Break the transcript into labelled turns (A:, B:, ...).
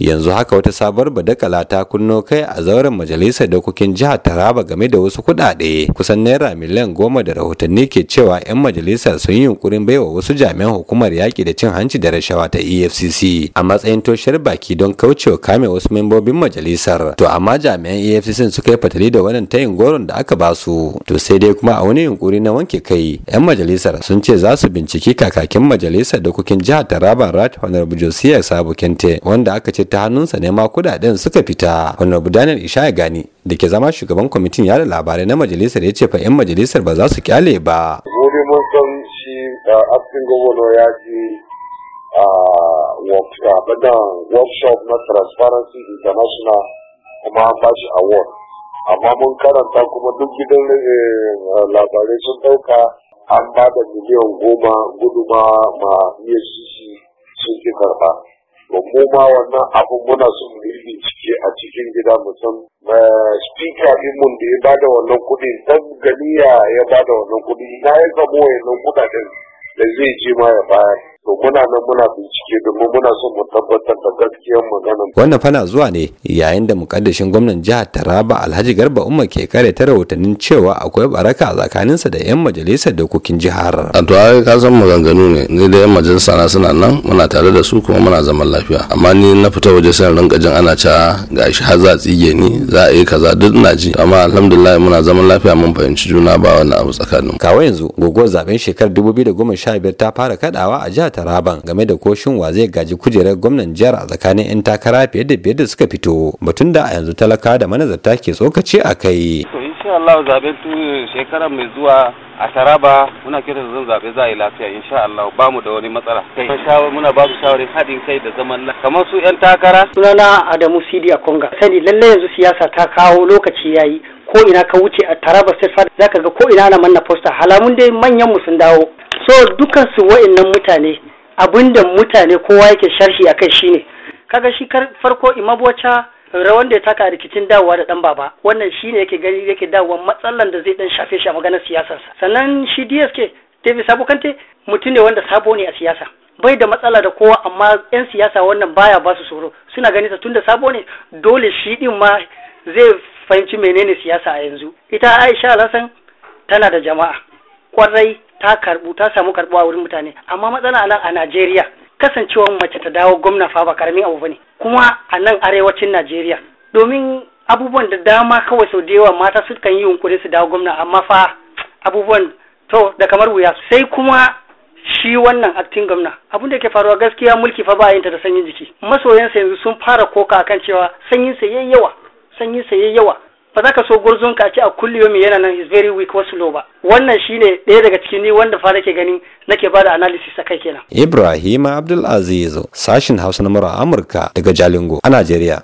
A: yanzu haka wata sabuwar badakala ta kunno kai a zauren majalisar dokokin jihar taraba game da wasu kuɗaɗe kusan naira miliyan goma da rahotanni ke cewa 'yan majalisar sun yi yunkurin baiwa wasu jami'an hukumar yaƙi da cin hanci da rashawa ta efcc a matsayin toshiyar baki don kaucewa kame wasu membobin majalisar to amma jami'an efcc suka yi fatali da wannan tayin goron da aka ba su to sai dai kuma a wani yunkuri na wanke kai 'yan majalisar sun ce za su binciki kakakin majalisar dokokin jihar taraba rat honorable josiah sabo kente wanda aka ce fita hannunsa ne ma kudaden suka fita honorable isha ya gani da ke zama shugaban kwamitin yada labarai na majalisar ya ce fa 'yan majalisar ba za su kyale ba
B: mun san shi uh, acting governor ya ji uh, workshop na transparency international kuma an ba award amma mun karanta kuma duk gidan eh, labarai sun dauka an ba da miliyan goma guduma ma efcc sun ki karba to mu ma wannan abun muna son mu ciki a cikin gida mu san eh, spika din mun da ya bada wannan kuɗi dan ganiya ya bada wannan kuɗi na yi zamo yanzu kudaden da zai je ma ya bayar to muna nan muna bincike domin muna son mu tabbatar da gaskiyar maganar
A: wannan fana zuwa ne yayin da mukaddashin gwamnan jihar Taraba Alhaji Garba Umar ke kare ta rahotannin cewa akwai baraka tsakaninsa da yan majalisar dokokin jihar a to ai ka san maganganu ne ni da yan majalisa na suna nan muna tare da su kuma muna zaman lafiya amma ni na fita waje sai rinka jin ana ca gashi har za a tsige ni za a yi kaza duk ina ji amma alhamdulillah muna zaman lafiya mun fahimci juna ba wani abu tsakanin kawai yanzu gogo zaben shekarar 2015 ta fara kadawa a jihar taraban game da koshin wa zai gaji kujerar gwamnan jihar a tsakanin 'yan takara fiye da fiye da suka fito batun da a yanzu talaka da manazarta ke tsokace a kai insha Allah zaben shekara mai zuwa a taraba muna kira da zan zaɓe za a yi lafiya insha Allah ba mu da wani matsala kai muna ba su shawarin haɗin kai da zaman lafiya kamar su yan takara
C: sunana Adamu Sidi a Konga sani lallai yanzu siyasa ta kawo lokaci ya yi. ko ina ka wuce a taraba state za ka ga ko ina na manna posta halamun dai manyan mu sun dawo so dukansu su mutane Abin da mutane kowa yake sharhi a kai shine kaga shi farko imabocha rawan da ya taka rikicin dawowa da dan baba wannan shine yake gani yake dawowa matsalan da zai dan shafe shi a maganar siyasarsa sannan shi DSK David Sabo Kante mutum ne wanda sabo ne a siyasa bai da matsala da kowa amma 'yan siyasa wannan baya ba su tsoro suna ganin sa tunda sabo ne dole shi din ma zai fahimci menene siyasa a yanzu ita Aisha Lasan tana da jama'a kwarai ta karbu ta samu karbu a wurin mutane amma matsala nan a Najeriya kasancewar mace ta dawo gwamna fa ba karamin abu bane kuma a nan arewacin Najeriya domin abubuwan da dama kawai sau da yawa mata su kan yi yunkuri su dawo gwamna amma fa abubuwan to da kamar wuya sai kuma shi wannan acting gwamna abin da ke faruwa gaskiya mulki fa ba yinta da sanyin jiki masoyansa yanzu sun fara koka kan cewa sanyin sa yayi yawa sanyin sa yayi yawa ba za ka so gurzon ka ce a kulli yomi yana nan is very weak wasu low ba wannan shine ɗaya daga cikin ni wanda fa nake gani nake bada
B: analysis kai kenan Ibrahima Abdul Aziz sashin Hausa na Amurka daga Jalingo a Najeriya